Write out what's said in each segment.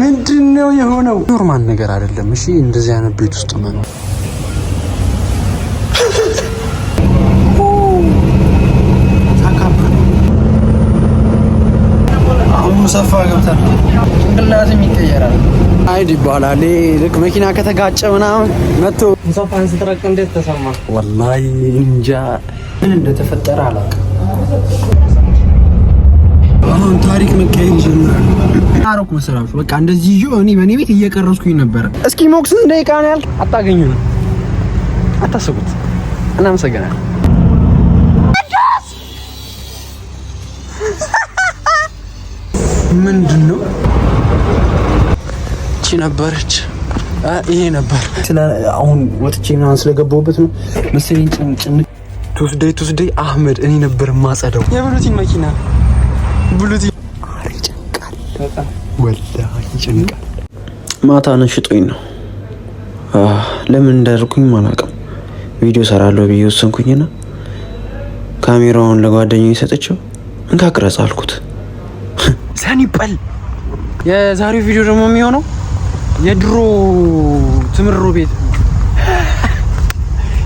ምንድን ነው የሆነው? ኖርማል ነገር አይደለም። እሺ እንደዚህ አይነት ቤት ውስጥ መኖር ሰፋ ገብተን ይባላል። ልክ መኪና ከተጋጨ ምናምን መቶ ሙሳፋን ስትረቅ እንዴት ተሰማ? ወላሂ እንጃ ምን እንደተፈጠረ አላውቅም። አሁን ታሪክ መቀየር ይጀምራል። አሮክ መሰላችሁ በቃ እንደዚህ ይዤው እኔ በእኔ ቤት እየቀረስኩኝ ነበረ። እስኪ ሞክስ ደቂቃ ነው ያልክ አታገኙ ነው አታስቡት። እናመሰግናለን። ምንድን ነው እቺ ነበረች ይሄ ነበር። አሁን ወጥቼ ምናምን ስለገባሁበት ነው መሰለኝ ጭንጭን ቱስደይ ቱስደይ አህመድ እኔ ነበር ማጸደው የብሉቲን መኪና ብሉቲ ወላሂ ይጨንቃል። ማታ ነሽጦኝ ነው ለምን እንዳደርኩኝ አላውቅም። ቪዲዮ ሰራለሁ ብዬ ወሰንኩኝና ካሜራውን ለጓደኛ የሰጠችው እንካ ቅረጽ አልኩት። ሰኒ ይባል። የዛሬው ቪዲዮ ደግሞ የሚሆነው የድሮ ትምሮ ቤት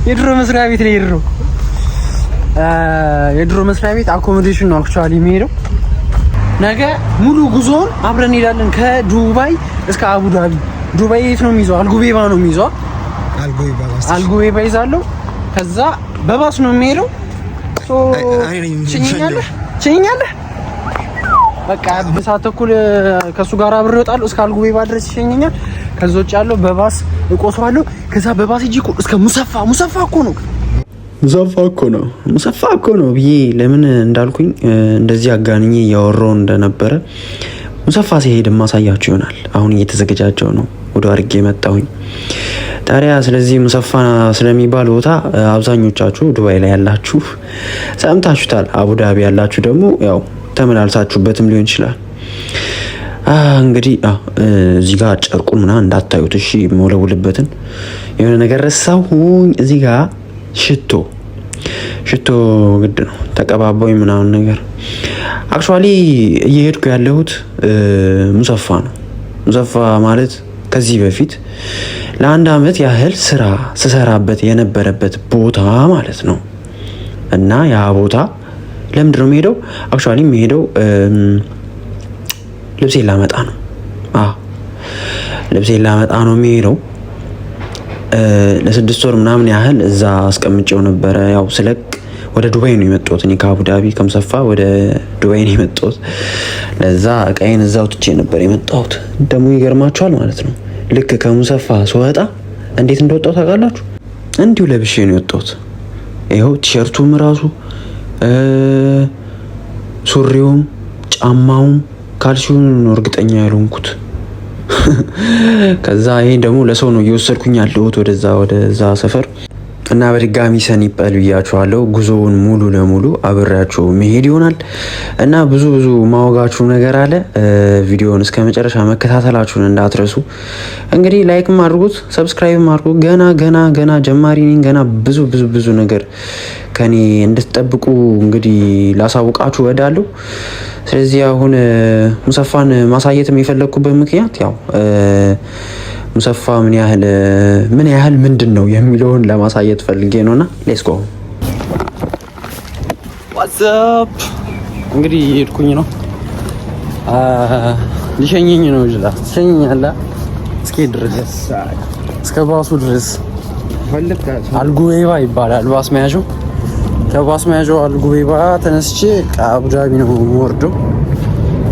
የድሮ መስሪያ ቤት ላይ የድሮ የድሮ መስሪያ ቤት አኮሞዴሽን ነው አክቹዋሊ የሚሄደው ነገ ሙሉ ጉዞውን አብረን እንሄዳለን። ከዱባይ እስከ አቡዳቢ። ዱባይ የት ነው የሚይዘው? አልጉቤባ ነው የሚይዘው። አልጉቤባ ይዛለሁ። ከዛ በባስ ነው የሚሄደው። ችኛለህ ችኛለህ በቃ ብሳት ተኩል ከእሱ ጋር አብሬ እወጣለሁ። እስከ አልጉቤባ ድረስ ይሸኘኛል። ከዛ ውጭ ያለው በባስ እቆሰዋለሁ። ከዛ በባስ እጅ እስከ ሙሰፋ ሙሰፋ እኮ ነው ሙሰፋ እኮ ነው ሙሰፋ እኮ ነው ብዬ ለምን እንዳልኩኝ እንደዚህ አጋንኜ እያወራው እንደነበረ ሙሰፋ ሲሄድ ማሳያችሁ ይሆናል። አሁን እየተዘገጃጀው ነው ወደ አድርጌ መጣሁኝ። ጣሪያ። ስለዚህ ሙሰፋ ስለሚባል ቦታ አብዛኞቻችሁ ዱባይ ላይ ያላችሁ ሰምታችሁታል። አቡዳቢ ያላችሁ ደግሞ ያው ተመላልሳችሁበትም ሊሆን ይችላል። እንግዲህ እዚህ ጋር ጨርቁን ምናምን እንዳታዩት እሺ። መውለውልበትን የሆነ ነገር ረሳሁኝ እዚህ ጋር ሽቶ ሽቶ ግድ ነው ተቀባባዊ ምናምን ነገር። አክቹዋሊ እየሄድኩ ያለሁት ሙሰፋ ነው። ሙሰፋ ማለት ከዚህ በፊት ለአንድ አመት ያህል ስራ ስሰራበት የነበረበት ቦታ ማለት ነው። እና ያ ቦታ ለምንድን ነው የሚሄደው አክቹዋሊ የሚሄደው ልብሴ ላመጣ ነው። ልብሴ ላመጣ ነው የሚሄደው ለስድስት ወር ምናምን ያህል እዛ አስቀምጨው ነበረ። ያው ስለቅ ወደ ዱባይ ነው የመጣሁት እኔ ከአቡዳቢ ከምሰፋ ወደ ዱባይ ነው የመጣሁት። ለዛ እቃዬን እዛው ትቼ ነበር የመጣሁት። ደግሞ ይገርማችኋል ማለት ነው ልክ ከሙሰፋ ስወጣ እንዴት እንደወጣሁ ታውቃላችሁ? እንዲሁ ለብሼ ነው የወጣሁት። ይኸው ቲሸርቱም ራሱ ሱሪውም፣ ጫማውም ካልሲውን እርግጠኛ ያልሆንኩት ከዛ ይሄን ደግሞ ለሰው ነው እየወሰድኩኝ ያለሁት ወደዛ ወደዛ ሰፈር እና በድጋሚ ሰኒ ይበል ብያችኋለሁ። ጉዞውን ሙሉ ለሙሉ አብሬያችሁ መሄድ ይሆናል እና ብዙ ብዙ ማወጋችሁ ነገር አለ። ቪዲዮውን እስከ መጨረሻ መከታተላችሁን እንዳትረሱ። እንግዲህ ላይክም አድርጉት፣ ሰብስክራይብም አድርጉት። ገና ገና ገና ጀማሪ ነኝ። ገና ብዙ ብዙ ብዙ ነገር ከኔ እንድትጠብቁ እንግዲህ ላሳውቃችሁ እወዳለሁ። ስለዚህ አሁን ሙሰፋን ማሳየት የፈለግኩበት ምክንያት ያው ሙሰፋ ምን ያህል ምን ያህል ምንድን ነው የሚለውን ለማሳየት ፈልጌ ነውና ሌስኮ ዋትስአፕ እንግዲህ ሄድኩኝ ነው ሊሸኘኝ ነው ይላ ትሸኘኛለህ እስኪ ድረስ እስከ ባሱ ድረስ አልጉቤባ ይባላል ባስ መያዣው ከባስ መያዣው አልጉቤባ ተነስቼ አቡዳቢ ነው ወርዶ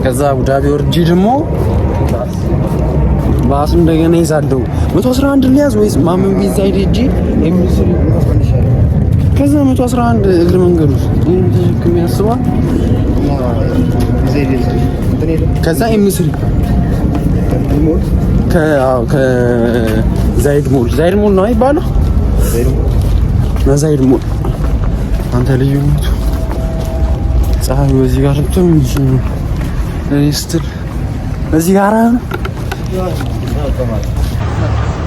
ከዛ አቡዳቢ ወርጂ ደግሞ ባሱ እንደገና ይዛለሁ። 111 ሊያዝ ወይስ ማመን ቢዛ ይደጂ ሂጅ ከዛ 111 እግር መንገዱ ከዛ የሚስል ከዛይድ ሞል ዛይድ ሞል ነው አይባልም። ዛይድ ሞል አንተ ልዩነቱ ፀሐዩ በዚህ ጋር ስትል እዚህ ጋር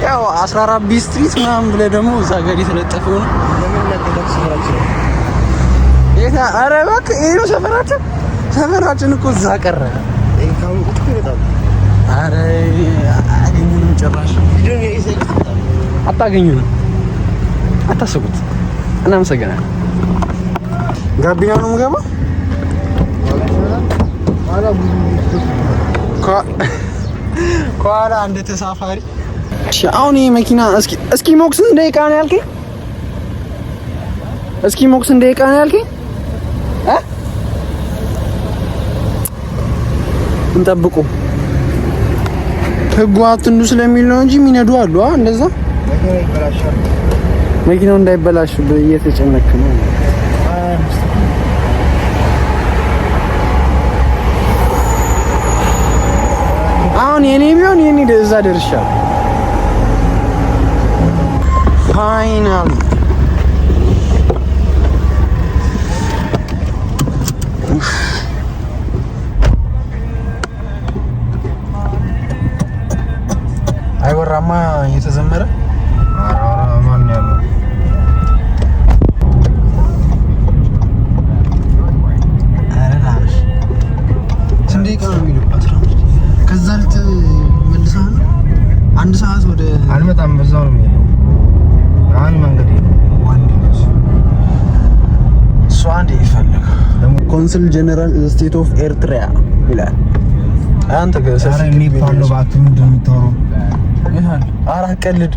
ያው 14 ቢ ስትሪት ምናምን ብለህ ደግሞ እዛ ጋር የተለጠፈው ነው። ኧረ እባክህ ይሄ ነው ሰፈራችን። ሰፈራችን እኮ እዛ ቀረ። ኧረ አያገኙንም፣ ጭራሽ አታገኙንም። አታስቡት። እናመሰግናለን። ጋቢና ነው የምገባ ከኋላ አንድ ተሳፋሪ። አሁን ይሄ መኪና እስኪ እስኪ ሞክስ እንደ እቃ ነው ያልከኝ? እስኪ ሞክስ እንደ እቃ ነው ያልከኝ? እንጠብቁ ህጉ አትንዱ ስለሚል ነው እንጂ የሚነዱ አሉ። እንደዛ መኪናው እንዳይበላሽ እየተጨነክ ነው። የኔ ቢሆን የኔ እዛ ደርሻለሁ። ፋይናል አይወራማ እየተዘመረ ኮንስል ጀነራል ስቴት ኦፍ ኤርትራ ይላል። አንተ ባክ ምን አራ ቀልድ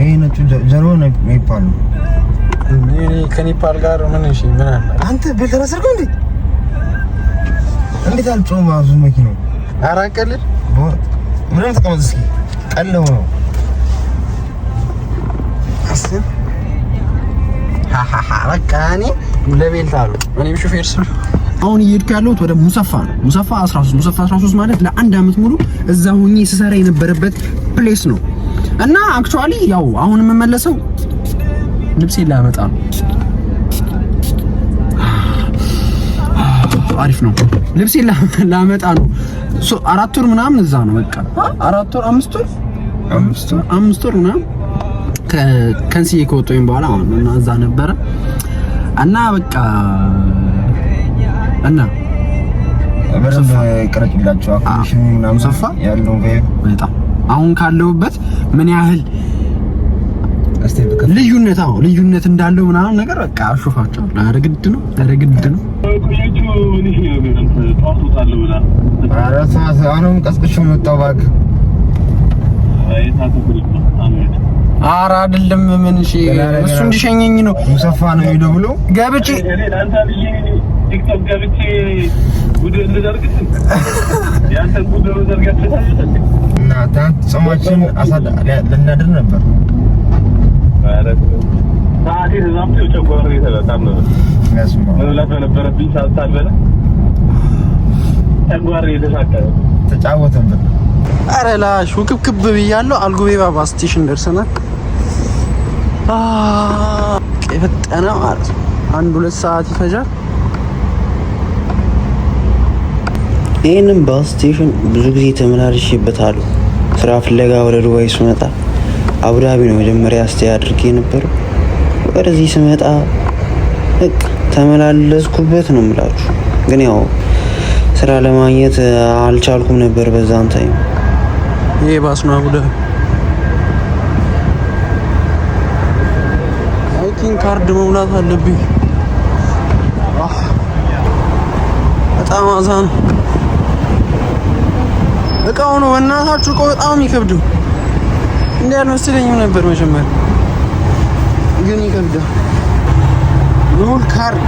ይሄ ነው ጀሮ አራቀልድ ከኔፓል ጋር ምን እሺ፣ ምን አለ አንተ በልተራ ሰርኩ እንዴ? እንዴት አልጮም አዙ መኪናው ቀልድ ምንም ተቀመጥ እስኪ ቀለው ነው አስብ ሀ ሀ ሀ በቃ እኔ ለቤልታ አሉ እኔም ሹፌር ስሉ አሁን እየሄድኩ ያለሁት ወደ ሙሰፋ ነው። ሙሰፋ 13 ሙሰፋ 13 ማለት ለአንድ አመት ሙሉ እዛ ሆኜ ስሰራ የነበረበት ፕሌስ ነው እና አክቹአሊ ያው አሁን የምመለሰው ልብሴ ላመጣ ነው። አሪፍ ነው። ልብሴ ላመጣ ነው። አራት ወር ምናምን እዛ ነው በቃ አራት ወር አምስት ወር አምስት ወር ምናምን ከንስዬ ከወጣሁኝ በኋላ አሁን እና እዛ ነበረ እና በቃ እና አሁን ካለሁበት ምን ያህል ልዩነት አዎ ልዩነት እንዳለው ምናምን ነገር በቃ አሹፋቸው። ኧረ ግድ ነው፣ ኧረ ግድ ነው። ኧረ አይደለም ምን እሺ፣ እሱ እንዲሸኘኝ ነው ሙሰፋ ነው ሄዶ ገብቼ ቲክቶክ ገብቼ ጉድ እንድደርግ ያንተን ጉድ መዘርጋት እና ታት ጾማችን ልናድር ነበር። ሰዓቴ ተዛምቶ ጨጓራ የተጣመመ መብላት በነበረብኝ ሰዓት ሳልበላ ጨጓራ የተሻቀረ ተጫወተንበት። አረ ላሽ ውክብክብ ብያለሁ። አልጉቤባ ስቴሽን ደርሰናል። የፈጠነ ማለት ነው። አንድ ሁለት ሰዓት ይፈጃል። ይህንም ባስ ስቴሽን ብዙ ጊዜ ተመላልሼበታለሁ። ስራ ፍለጋ ወደ ዱባይ ስመጣ አቡዳቢ ነው መጀመሪያ ስቴ አድርጌ ነበር። ወደዚህ ስመጣ በቃ ተመላለስኩበት ነው የምላችሁ። ግን ያው ስራ ለማግኘት አልቻልኩም ነበር በዛን ታይም። ይሄ ባስ ነው አቡዳቢ ቲንክ ካርድ መሙላት አለብኝ። በጣም አዛ ነው። እቃው ነው በእናታችሁ፣ እቃው በጣም የሚከብደው እንዴ አልመሰለኝም ነበር መጀመሪያ፣ ግን ይከብዳል። ኑል ካርድ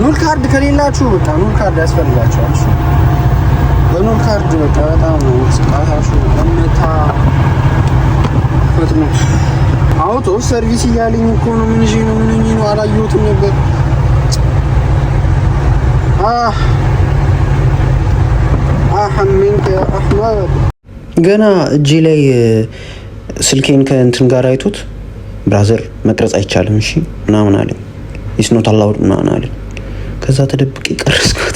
ኑል ካርድ ከሌላችሁ በቃ ኑል ካርድ ያስፈልጋችኋል። በኑል ካርድ በቃ በጣም ነው ስቃታችሁ ለምታ ፈጥኑት። አውቶ ሰርቪስ እያለኝ እኮ ነው። ምን ነው ምን ነው አላየሁትም ነበር። አህ ገና እጄ ላይ ስልኬን ከእንትን ጋር አይቶት ብራዘር መቅረጽ አይቻልም እሺ ምናምን አለኝ። ኢትስ ኖት አላውድ ምናምን አለኝ። ከዛ ተደብቄ ቀረጽኩት።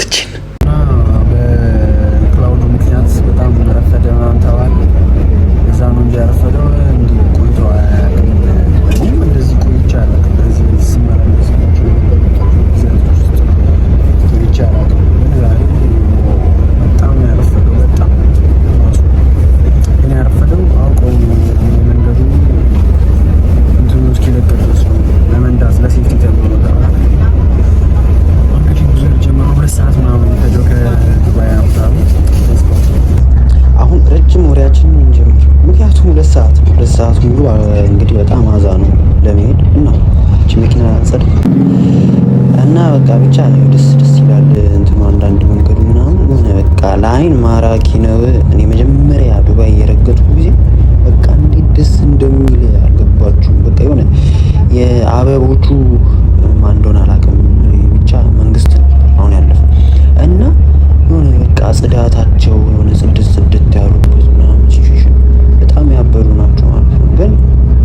አይን ማራኪ ነው። እኔ መጀመሪያ ዱባይ የረገጥኩ ጊዜ በቃ እንዴት ደስ እንደሚል አልገባችሁም። በቃ የሆነ የአበቦቹ ማን እንደሆነ አላውቅም፣ ብቻ መንግስት አሁን ያለፈ እና የሆነ በቃ ጽዳታቸው የሆነ ጽድት ጽድት ያሉበት ምናምን ሲሽሽ በጣም ያበሉ ናቸው ማለት ነው። ግን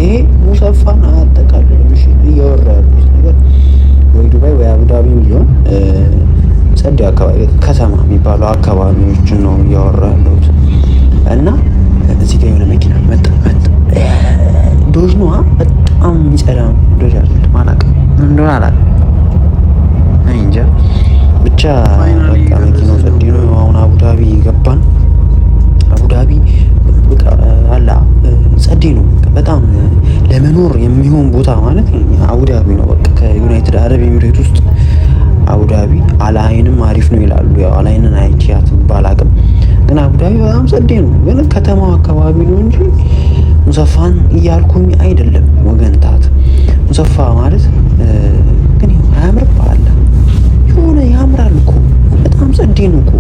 ይሄ ሙሰፋን አያጠቃልልም። እያወራ ያሉት ነገር ወይ ዱባይ ወይ አቡዳቢም ቢሆን ጸድ አካባቢ ከተማ የሚባለው አካባቢዎችን ነው እያወራ ያለሁት እና እዚህ ጋ የሆነ መኪና መጣ መጣ ዶጅ ነዋ። በጣም የሚጸዳ ዶጅ አለ ማላቀ እንደሆነ አላለ እንጃ ብቻ በቃ መኪናው ጸድ ነው። አሁን አቡዳቢ ገባን። አቡዳቢ አላ ጸዴ ነው በጣም ለመኖር የሚሆን ቦታ ማለት አቡዳቢ ነው። በቃ ከዩናይትድ አረብ ኤሚሬት ውስጥ አቡዳቢ አላይንም አሪፍ ነው ይላሉ። ያው አላይንን አይቻት ባላቅም ግን አቡዳቢ በጣም ጸዴ ነው። ግን ከተማው አካባቢ ነው እንጂ ሙሰፋን እያልኩኝ አይደለም ወገንታት። ሙሰፋ ማለት ግን አያምርባለ የሆነ ያምራል እኮ በጣም ጸዴ ነው እኮ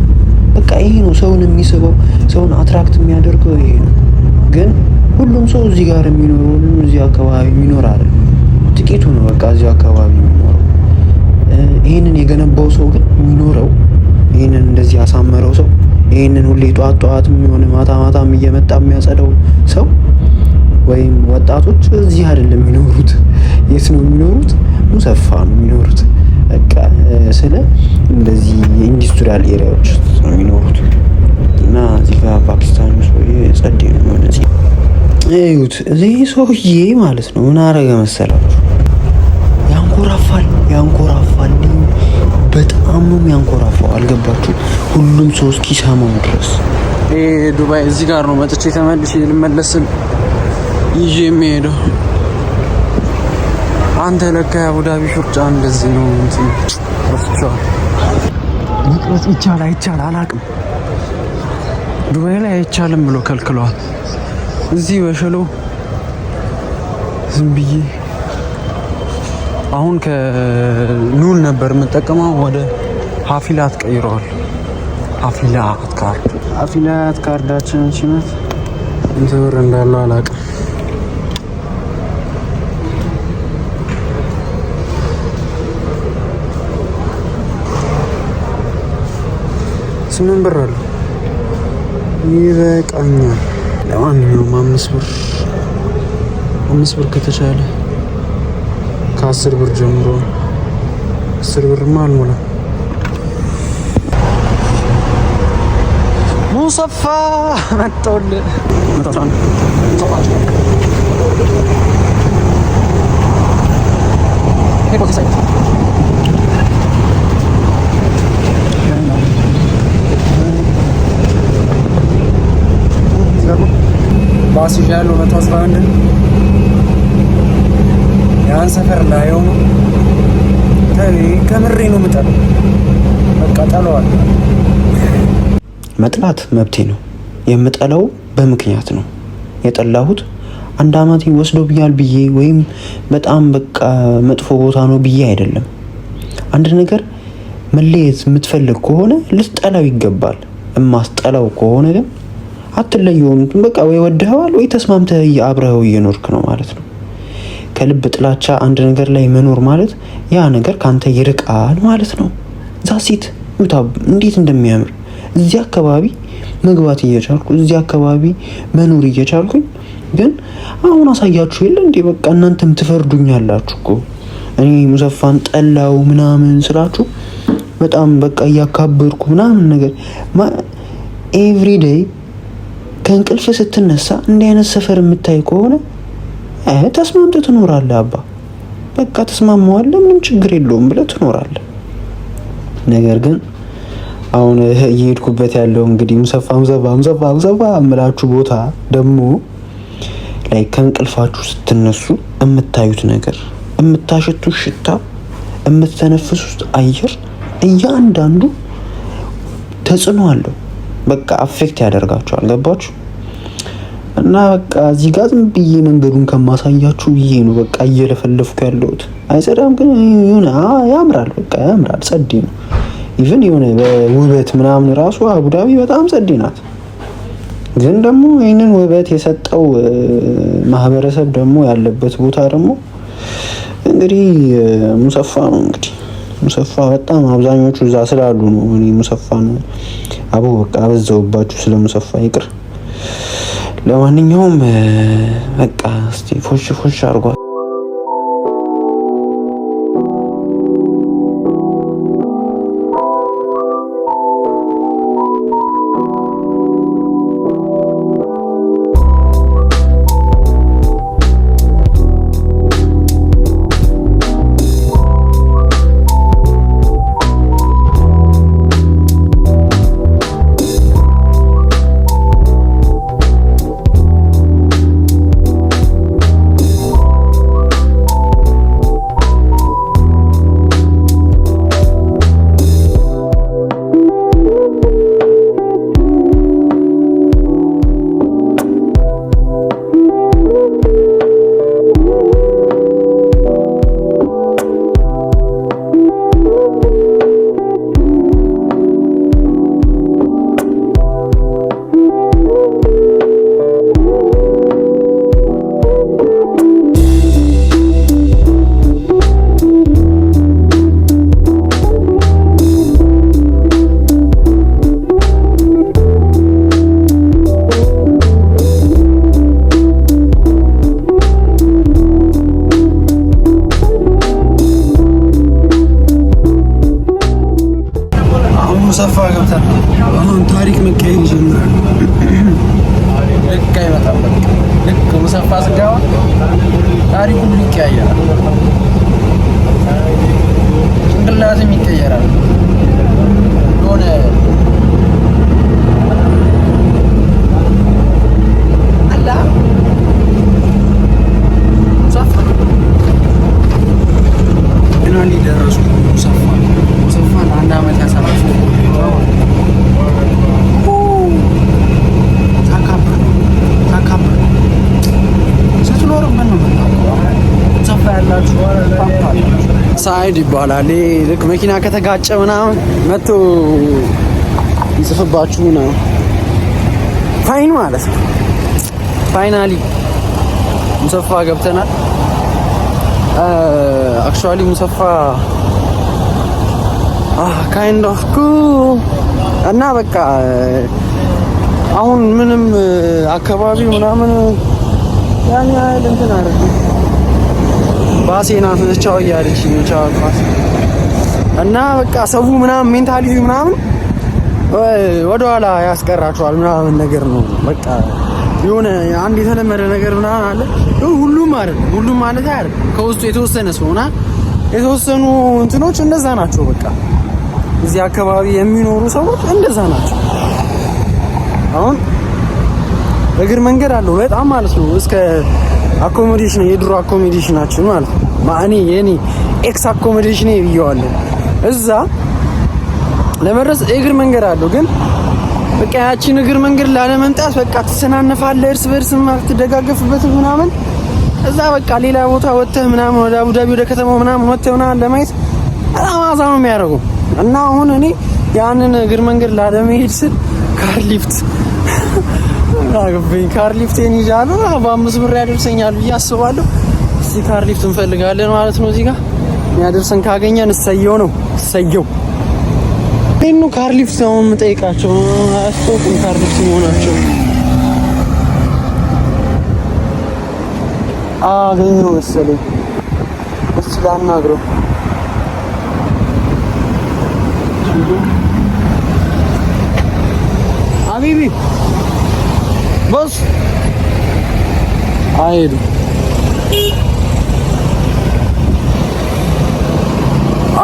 በቃ ይሄ ነው ሰውን የሚስበው፣ ሰውን አትራክት የሚያደርገው ይሄ ነው። ግን ሁሉም ሰው እዚህ ጋር የሚኖር ሁሉም እዚህ አካባቢ የሚኖር አይደለም። ጥቂቱ ነው በቃ እዚህ አካባቢ ነው ይህንን የገነባው ሰው ግን የሚኖረው ይህንን እንደዚህ ያሳመረው ሰው ይህንን ሁሌ ጧት ጠዋት የሚሆን ማታ ማታም እየመጣ የሚያጸደው ሰው ወይም ወጣቶች እዚህ አይደለም የሚኖሩት። የት ነው የሚኖሩት? ሙሰፋ ነው የሚኖሩት። በቃ ስለ እንደዚህ የኢንዱስትሪያል ኤሪያዎች ነው የሚኖሩት እና እዚህ ጋ ፓኪስታኑ ሰውዬ ጸዴ ነው። እዚህ ይሁት እዚህ ሰውዬ ማለት ነው ምን አረገ መሰላችሁ? በጣም ነው የሚያንኮራፋው። አልገባችሁ? ሁሉም ሰው እስኪሰማው ድረስ ዱባይ እዚህ ጋር ነው መጥቼ ተመልሼ ልመለስን ይዤ የሚሄደው አንተ ለካ አቡዳቢ ሹርጫ እንደዚህ ነው እንጂ ረስቸዋል። መቅረጽ ይቻል አይቻል አላቅም። ዱባይ ላይ አይቻልም ብሎ ከልክለዋል። እዚህ በሸሎ ዝም ብዬ አሁን ከኑል ነበር የምጠቀመው ወደ ሀፊላት ቀይረዋል። ሀፊላት ካርድ ሀፊላት ካርዳችን ችነት እንት ብር እንዳለው አላውቅም። ስምንት ብር አለ ይበቃኛል። ለማንኛውም አምስት ብር አምስት ብር ከተቻለ ከአስር ብር ጀምሮ አስር ብርማ አልሞላም። ሙሰፋ መጣሁልህ። ባስ ይዣለሁ። መቶ አስራ አንድ ያን ሰፈር ላይ ሆኖ ከምሬ ነው የምጠለው። በቃ ጠለዋል መጥላት መብቴ ነው። የምጠላው በምክንያት ነው። የጠላሁት አንድ አመቴ ብያል ብዬ ወይም በጣም በቃ መጥፎ ቦታ ነው ብዬ አይደለም። አንድ ነገር መለየት የምትፈልግ ከሆነ ልትጠላው ይገባል። እማስጠላው ከሆነ ግን አትለየውም። በቃ ወይ ወድኸዋል ወይ ተስማምተህ አብረኸው እየኖርክ ነው ማለት ነው። ከልብ ጥላቻ አንድ ነገር ላይ መኖር ማለት ያ ነገር ካንተ ይርቃል ማለት ነው። ዛሴት እንዴት እንደሚያምር እዚህ አካባቢ መግባት እየቻልኩ እዚህ አካባቢ መኖር እየቻልኩኝ ግን አሁን አሳያችሁ የለ እንዴ በቃ እናንተም ትፈርዱኛላችሁ እኮ እኔ ሙዘፋን ጠላው ምናምን ስላችሁ በጣም በቃ እያካበርኩ ምናምን ነገር ኤቭሪ ዴይ ከእንቅልፍ ስትነሳ እንዲህ አይነት ሰፈር የምታይ ከሆነ ተስማምተ ትኖራለህ። አባ በቃ ተስማማዋለ ምንም ችግር የለውም ብለ ትኖራለ ነገር ግን አሁን እየሄድኩበት ያለው እንግዲህ ሙሰፋ ሙሰፋ ሙሰፋ ሙሰፋ እምላችሁ ቦታ ደግሞ ላይ ከእንቅልፋችሁ ስትነሱ የምታዩት ነገር፣ የምታሸቱ ሽታ፣ የምትተነፍሱት አየር እያንዳንዱ ተጽዕኖ አለው። በቃ አፌክት ያደርጋቸዋል። ገባችሁ? እና በቃ እዚህ ጋር ዝም ብዬ መንገዱን ከማሳያችሁ ብዬ ነው በቃ እየለፈለፍኩ ያለሁት። አይጸዳም ግን ያምራል። በቃ ያምራል። ጸዴ ነው። ኢቨን የሆነ በውበት ምናምን ራሱ አቡዳቢ በጣም ጸዴ ናት። ግን ደግሞ ይህንን ውበት የሰጠው ማህበረሰብ ደግሞ ያለበት ቦታ ደግሞ እንግዲህ ሙሰፋ ነው። እንግዲህ ሙሰፋ በጣም አብዛኞቹ እዛ ስላሉ ነው። እኔ ሙሰፋ ነው አቦ በቃ አበዛውባችሁ ስለ ሙሰፋ ይቅር። ለማንኛውም በቃ እስቲ ፎሽ ፎሽ አድርጓል። አይድ ይባላል። ልክ መኪና ከተጋጨ ምናምን መቶ ይጽፍባችሁ ነው ፋይን ማለት ነው። ፋይናሊ ሙሰፋ ገብተናል። አክቹዋሊ ሙሰፋ ካይንድ ኦፍ ኩል እና በቃ አሁን ምንም አካባቢው ምናምን ያን ያህል እንትን አደረግን ባሴና ፍቻው እያለች ቻው ባሴ እና በቃ ሰው ምናምን ሜንታሊ ምናምን ወደኋላ ያስቀራቸዋል ምናምን ነገር ነው። በቃ የሆነ አንድ የተለመደ ነገር ምናምን አለ። ሁሉም አይደለም፣ ሁሉም ማለት አይደለም። ከውስጡ የተወሰነ ሰውና የተወሰኑ እንትኖች እንደዛ ናቸው። በቃ እዚህ አካባቢ የሚኖሩ ሰዎች እንደዛ ናቸው። አሁን እግር መንገድ አለው በጣም ማለት ነው እስከ አኮሞዴሽን የድሮ አኮሞዴሽናችን ማለት ነው። የኔ ኤክስ አኮሞዴሽን ብየዋለሁ። እዛ ለመድረስ እግር መንገድ አለው ግን በቃ ያቺን እግር መንገድ ላለመምጣት በቃ ትሰናነፋለህ፣ እርስ በርስ ትደጋገፍበት ምናምን። እዛ በቃ ሌላ ቦታ ወጥተህ ምናምን ወደ አቡዳቢ ወደ ከተማው ምናምን ወጥተህ ምናምን ለማየት በጣም አዛ ነው የሚያደርጉ እና አሁን እኔ ያንን እግር መንገድ ላለመሄድ ስል ካር ሊፍት አግብኝ ካርሊፍቴን ይዣለሁ። በአምስት ብር ያደርሰኛል ብዬ አስባለሁ። እስቲ ሊፍት እንፈልጋለን ማለት ነው። እዚህ ጋር ያደርሰን ካገኘን እሰየው ነው እሰየው። ይህኑ ሊፍት ነው የምጠይቃቸው። አያስታውቁም ካርሊፍት መሆናቸው። አገኘው መሰለኝ። እስቲ ላናግረው አቢቢ አይሄዱም።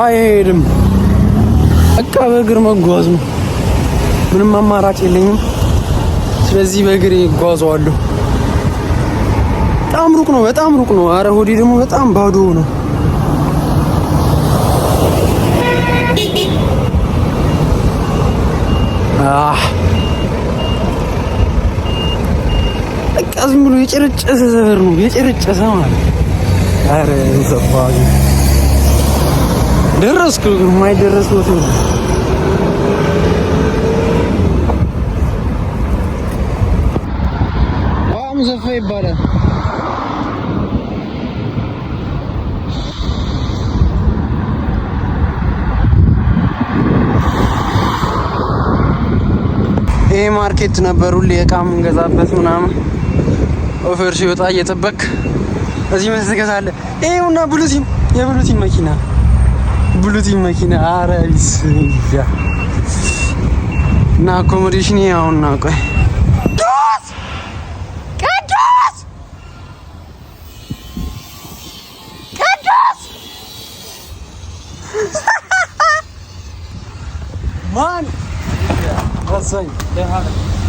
አይሄድም። በቃ በእግር መጓዝ ነው። ምንም አማራጭ የለኝም። ስለዚህ በእግሬ እጓዘዋለሁ። በጣም ሩቅ ነው፣ በጣም ሩቅ ነው። አረ ሆዴ ደግሞ በጣም ባዶ ነው። አህ ዝም ብሎ የጨረጨሰ ሰፈር ነው። የጨረጨሰ ማለት አረ ዘፋኝ ደረስኩ የማይደረስ ቦታ ነው። ዘፋ ይባላል። ይሄ ማርኬት ነበር ሁሌ እቃ የምንገዛበት ምናምን ኦፌር ሲወጣ እየጠበቅ እዚህ ምን ትገዛለህ? ይኸውና ብሉቲን የብሉቲን መኪና ብሉቲን መኪና ኧረ ቢስሚላ እና አኮሞዴሽን ያውና ቆይ ማን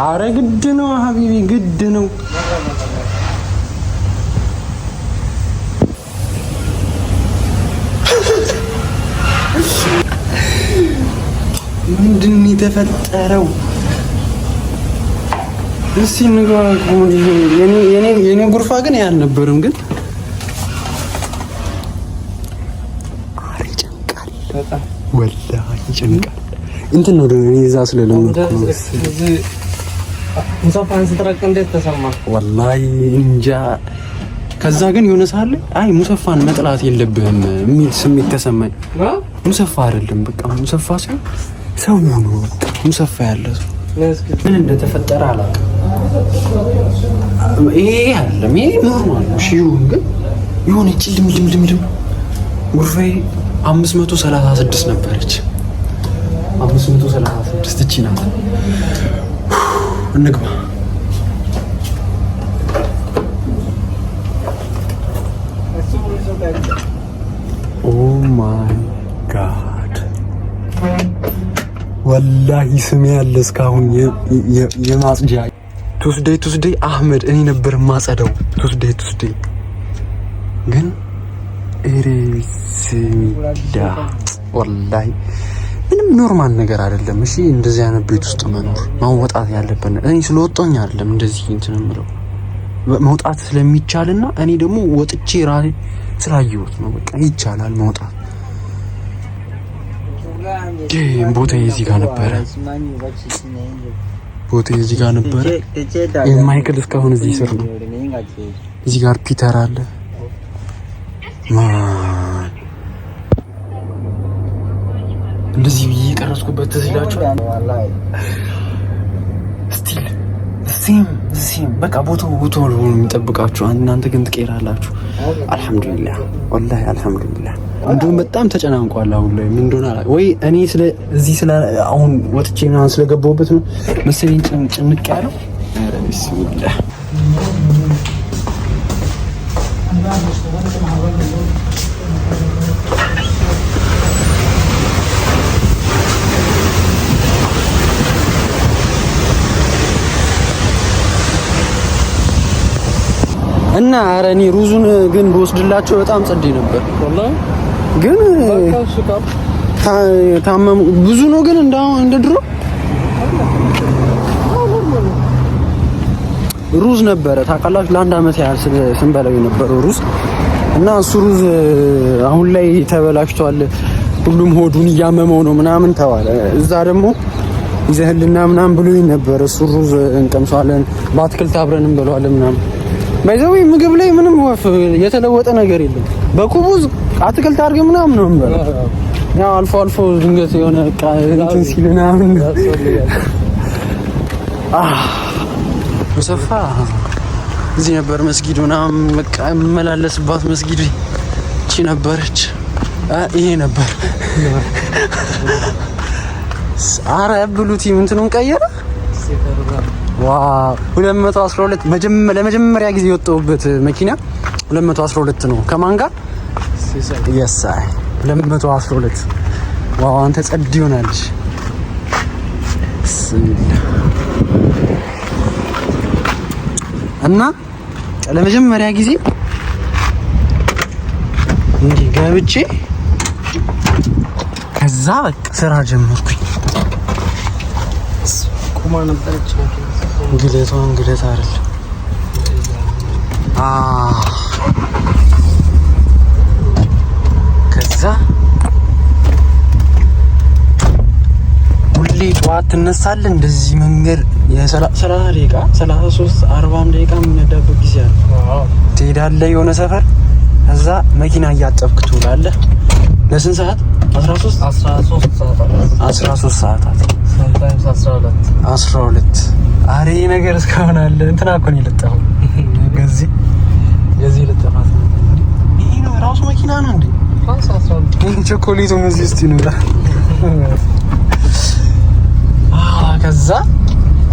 አረ ግድ ነው ሀቢቢ፣ ግድ ነው። ምንድን ነው የተፈጠረው? እስቲ የኔ ጉርፋ ግን ያልነበረም ግን አሪ ጨንቃል፣ ወላሂ ጨንቃል። እንትን ነው እዛ ስለለመድኩ ነው ሙሳፋን ስትረቅ እንዴት ተሰማ? ወላሂ እንጃ። ከዛ ግን የሆነ ሰዓት አይ ሙሰፋን መጥላት የለብህም የሚል ስሜት ተሰማኝ። ሙሰፋ አይደለም በቃ ሙሰፋ ሲሆን ሰው ነው በቃ ሙሰፋ ያለ ሰው ምን እንደተፈጠረ አላውቅም። ይሄ አይደለም ይሄ ኖርማል ነው። ሽዩን ግን የሆነ ጭልም ድም ድም ድም ጉርፋዬ 536 ነበረች። 536 እቺ ናት እንግባ። ኦ ማይ ጋድ ወላሂ ስሜ ያለ እስካሁን የማጽጃ ቱስዴ ቱስዴ አህመድ እኔ ነበር ማጸደው። ቱስዴ ቱስዴ ግን ኤሬ ስሚዳ ወላሂ ምንም ኖርማል ነገር አይደለም። እሺ እንደዚህ አይነት ቤት ውስጥ መኖር መወጣት ያለብን እኔ ስለወጣኝ አይደለም እንደዚህ እንትን የምለው መውጣት ስለሚቻልና እኔ ደግሞ ወጥቼ ራሴ ስላየሁት ነው። በቃ ይቻላል መውጣት። ቦታ እዚህ ጋር ነበረ፣ ቦታ እዚህ ጋር ነበረ። ማይክል እስካሁን እዚህ ስር ነው። እዚህ ጋር ፒተር አለ። ማ እንደዚህ ብዬ የቀረጽኩበት ትዝ ይላችሁ ስቲል ሴም ሴም በቃ ቦታው ቦታው ነው የሚጠብቃችሁ። እናንተ ግን ትቀራላችሁ። አልሐምዱሊላህ ወላሂ አልሐምዱሊላህ። እንደውም በጣም ተጨናንቋል አሁን ላይ ምን እንደሆነ ወይ እኔ ስለ እዚህ ስለ አሁን ወጥቼ ምናምን ስለገባሁበት ነው መሰለኝ ጭንቅ ያለው። ኧረ ቢስሚላህ እና ኧረ እኔ ሩዙን ግን በወስድላቸው በጣም ጸዴ ነበር። ግን ታመሙ ብዙ ነው ግን እንደ ድሮ ሩዝ ነበረ ታውቃላችሁ። ለአንድ አመት ያህል ስንበላው የነበረው ሩዝ እና እሱ ሩዝ አሁን ላይ ተበላሽቷል፣ ሁሉም ሆዱን እያመመው ነው ምናምን ተባለ። እዛ ደግሞ ይዘህልና ምናምን ብሎ ነበር እሱ ሩዝ እንቀምሰዋለን፣ በአትክልት አብረን እንበለዋለን ምናምን ባይዘው ምግብ ላይ ምንም ወፍ የተለወጠ ነገር የለም። በኩቡዝ አትክልት አድርገህ ምናምን ነው የምበላው። ያው አልፎ አልፎ ድንገት የሆነ ዕቃ እንትን ሲል ምናምን ሙሰፋ እዚህ ነበር መስጊድ ምናምን በቃ የመላለስባት መስጊድ እቺ ነበረች። ይሄ ነበር። አረ ብሉቲም እንትኑን ቀየረ ዋው 212 ለመጀመሪያ ጊዜ የወጣሁበት መኪና 212 ነው። ከማን ጋር? የሳይ 212 ዋው አንተ ጸድ ይሆናልሽ። እና ለመጀመሪያ ጊዜ እንዲህ ገብቼ ከዛ በቃ ስራ ጀመርኩኝ። ቁማ ነበረች ግለቷ እንግለት አይደለም። ከዛ ሁሌ ጠዋት ትነሳለህ እንደዚህ መንገድ ሰላሳ ደቂቃ ሰላሳ ሶስት አርባም ደቂቃ የምነዳበት ጊዜ አለ። ትሄዳለህ የሆነ ሰፈር ከዛ መኪና እያጠብክ ትውላለ። ለስንት ሰዓት? አስራ ሶስት ሰዓታት አስራ ሁለት አሬ ነገር እስካሁን አለ እንትና እኮ ነው የለጠፈው። ገዚህ ገዚህ ለጠፋት ይሄ ነው ራሱ መኪና ነው እንዴ? ቸኮሌቱ እዚህ ውስጥ ይኖራል። ከዛ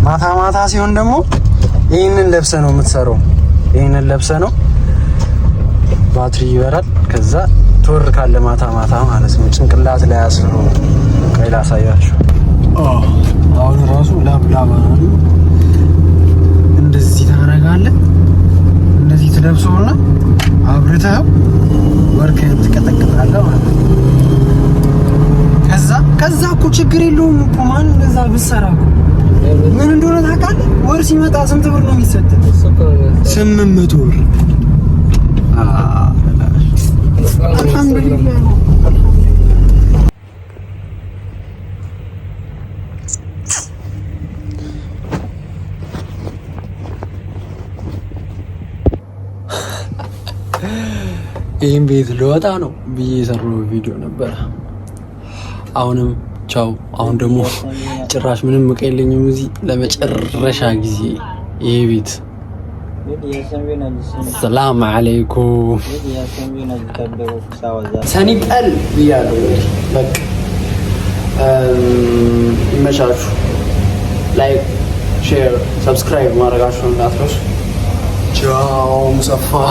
ማታ ማታ ሲሆን ደግሞ ይህንን ለብሰ ነው የምትሰራው። ይህንን ለብሰ ነው ባትሪ ይበራል። ከዛ ቶር ካለ ማታ ማታ ማለት ነው ጭንቅላት ላይ አስፍሮ ቀይ ላሳያችሁ አሁን ራሱ ላብ እንደዚህ ታደርጋለህ፣ እንደዚህ ትለብሰውና አብርተህ ወርክ ትቀጠቅጣለህ ማለት ነው። ከዛ ከዛ እኮ ችግር የለውም እኮ ማን እንደዛ ብትሰራ ምን እንደሆነ ታውቃለህ? ወር ሲመጣ ስንት ብር ነው የሚሰጥህ? ስምንት መቶ ብር አልሐምዱሊላህ ይህም ቤት ልወጣ ነው ብዬ የሰራው ቪዲዮ ነበረ። አሁንም ቻው። አሁን ደግሞ ጭራሽ ምንም እቃ የለኝም እዚህ። ለመጨረሻ ጊዜ ይሄ ቤት ሰላም አለይኩም ሰኒጠል ጠል ብያለሁ። ይመቻችሁ። ላይክ፣ ሼር፣ ሰብስክራይብ ማድረጋችሁን እንዳትረሱ። ቻው ሙሰፋ